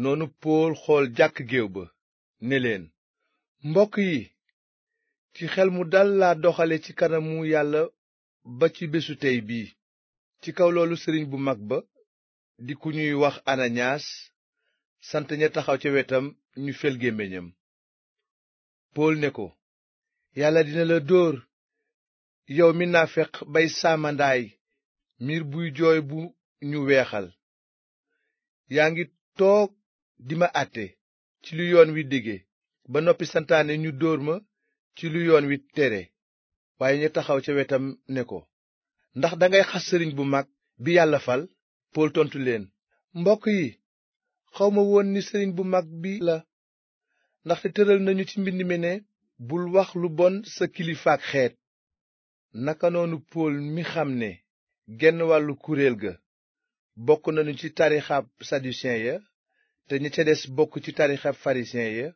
noonu pool xool jàkk géew ba ne leen mbokk yi ci xel mu dal la doxale ci kanamu yàlla ba ci bésu tey bi ci kaw loolu sëriñ bu mag ba di ku ñuy wax ananiyaas sant ña taxaw ca wetam ñu fel gémmiñam pool ne ko yàlla dina la dóor yow mi naafeq bay saamandaay miir buy jooy bu ñu weexal yaa ngi toog di ma àtte ci lu yoon wi dige ba noppi santaane ñu dóor ma ci lu yoon wi tere waaye ña taxaw ca wetam ne ko ndax dangay xas sëriñ bu mag bi yàlla fal pool tontu leen mbokk yi xawma woon ni sëriñ bu mag bi la ndaxte tëral nañu ci mbind mi ne bul wax lu bon sa kilifaak xeet naka noonu pool mi xam ne genn wàllu kuréel ga bokk nañu ci tarixab sadusiyen ya te ñi ca des bokk ci tarixa farisiyen ya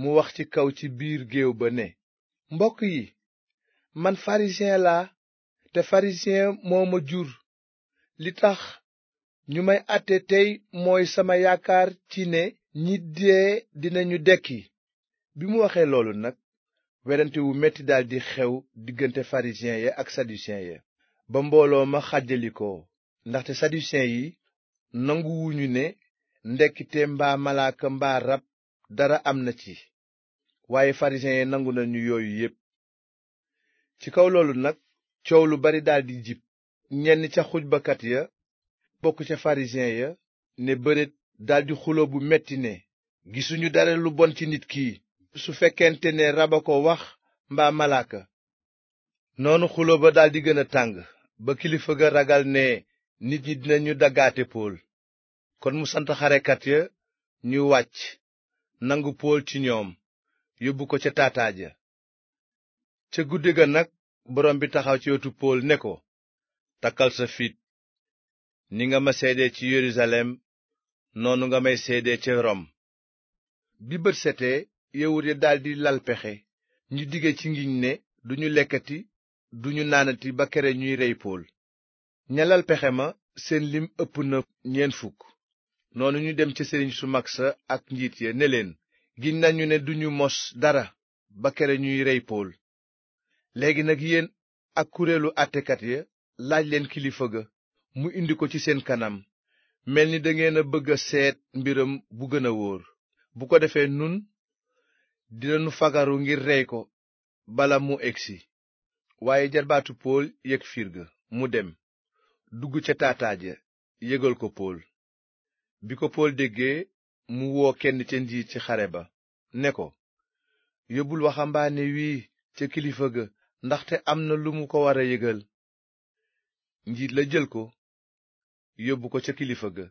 mu wax ci kaw ci biir géew ba ne mbokk yi man farisiyen la te farisiyen moo ma jur li tax ñu may àtte tey mooy sama yaakaar ci ne ñi dee dinañu dekki bi mu waxee loolu nag werante wu metti daldi xew diggante farisiyen ya ak sadusiyen ya ba mbooloo ma xàjjalikoo ndaxte sadusiyen yi nanguwuñu ne ndekkite mbaa malaaka mbaa rab dara am na ci waaye farisiyen yi nangu nañu yooyu yépp ci kaw loolu nag coow lu bari daldi jib ñenn ca xujbakat ya bokk ca farisiyen ya ne bëreet daldi xuloo bu metti ne gisuñu dara lu bon ci nit ki su fekkente ne rab a ko wax mbaa malaaka noonu xuloo ba daldi gën a tàng ba kilifa ga ragal ne nit ñi ñu daggaate pool kon mu sant xarekat ya ñu wàcc nangu pool ci ñoom yóbbu ko ca taataaja ca guddi ga nag borom bi taxaw ci wetu pool ne ko takkal sa fit ni nga ma seedee ci yerusalem noonu nga may seedee ca rom bi bët setee yawut ya daldi lalpexe pexe ñu dige ci ngiñ ne duñu lekkati duñu naanati ba kere ñuy rey pool ña lal ma seen lim ëpp na ñeent fukk noonu ñu dem ca sëriñ su mag sa ak njiit ya ne leen giñ nañu ne duñu mos dara ba kere ñuy rey pool léegi nag yéen ak kuréelu àttekat ya laaj leen kilifa ga mu indi ko ci seen kanam mel ni dangeen a bëgg a seet mbiram bu gën a wóor bu ko defee nun dinañu fagaru ngir rey ko bala mu egsi waaye jarbaatu pool yëg fiir ga mu dem dugg ca taataaja yëgal ko pool bi ko pool déggee mu woo kenn ca njiit ci xare ba ne ko yóbbul waxambaane wii ca kilifa ga ndaxte am na lu mu ko war a yëgal njiit la jël ko yóbbu ko ca kilifa ga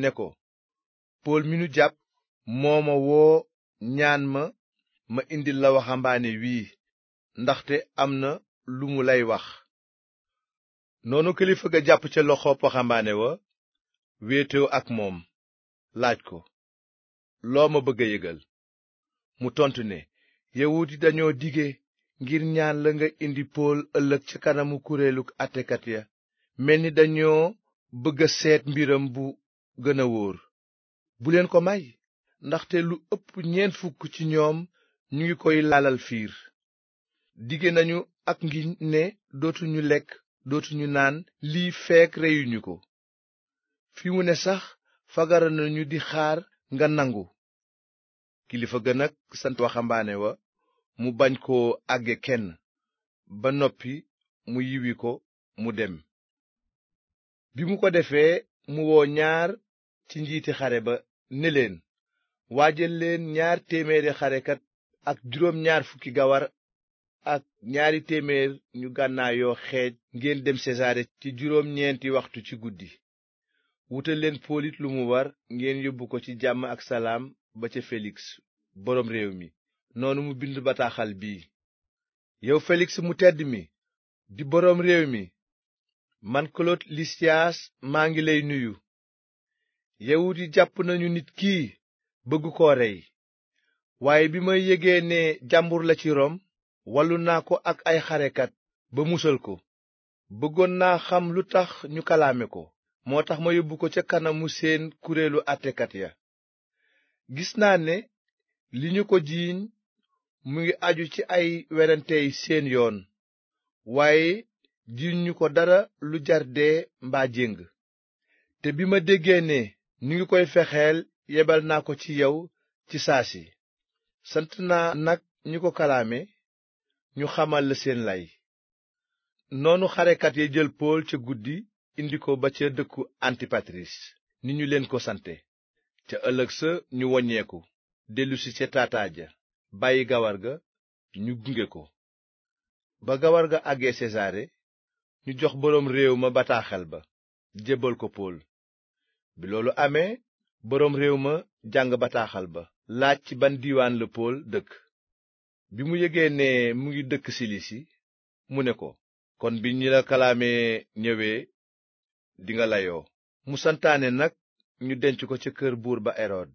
ne ko pool mi nu jàpp mooma woo ñaan ma ma indil la waxambaane wii ndaxte am na lu mu lay wax noonu kilifa ga jàpp ca loxoob waxambaane wa wéetoo ak moom laaj ko loo ma bëgg yëgal mu tontu ne yawut yi dañoo dige ngir ñaan la nga indi pool ëllëg ca kanamu kuréeluk àttekat ya mel ni dañoo bëgg a seet mbiram bu gën a wóor buleen ko may ndaxte lu ëpp ñeent fukk ci ñoom ñu ngi koy laalal fiir dige nañu ak ngiñ ne dootuñu lekk dootuñu naan lii feek reyuñu ko fi mu ne sax fagara nañu di xaar nga nangu kilifa ga nag sant waxambaane wa mu bañ koo agge kenn ba noppi mu yiwi ko mu dem bi mu ko defee mu woo ñaar ci njiiti xare ba ne leen waajal leen ñaar téeméeri xarekat ak juróom ñaar fukki gawar ak ñaari téeméer ñu gànnaayoo xeej ngeen dem sesaare ci juróom ñeenti waxtu ci guddi wutal leen poolit lu mu war ngeen yóbbu ko ci jàmm ak salaam ba ci feliks borom réew mi noonu mu bind bataaxal bii yow feliks mu tedd mi di boroom réew mi man kolot lisiyaas maa ngi lay nuyu yawut yi jàpp nañu nit kii bëgg ko rey waaye bi may yégee ne jàmbur la ci rom wallu naa ko ak ay xarekat ba musal ko bëggoon naa xam lu tax ñu kalaame ko moo tax ma yóbbu ko ca kanamu seen kuréelu àttekat ya gis naa ne li ñu ko jiiñ mu ngi aju ci ay werantey seen yoon waaye jiiñ ko dara lu jarde mbaa jéng te bi ma déggee ne ñu ngi koy fexeel yebal naa ko ci yow ci saa si sant naa nag ñu ko kalaame ñu xamal la seen lay noonu xarekat ya jël pool ca guddi indi ko ba ca dëkku antipatris ni ñu leen ko sante ca ëllëg sa ñu woññeeku dellusi ca taataa ja bàyyi gawar ga ñu gunge ko ba gawar ga àggee sesaare ñu jox boroom réew ma bataaxal ba jébbal ko pool bi loolu amee boroom réew ma jàng bataaxal ba laaj ci ban diiwaan la pool dëkk bi mu yëgee ne mu ngi dëkk silisi mu ne ko kon bi ñu la kalaamee ñëwee dinga layoo mu santaane nag ñu denc ko ca kër buur ba erod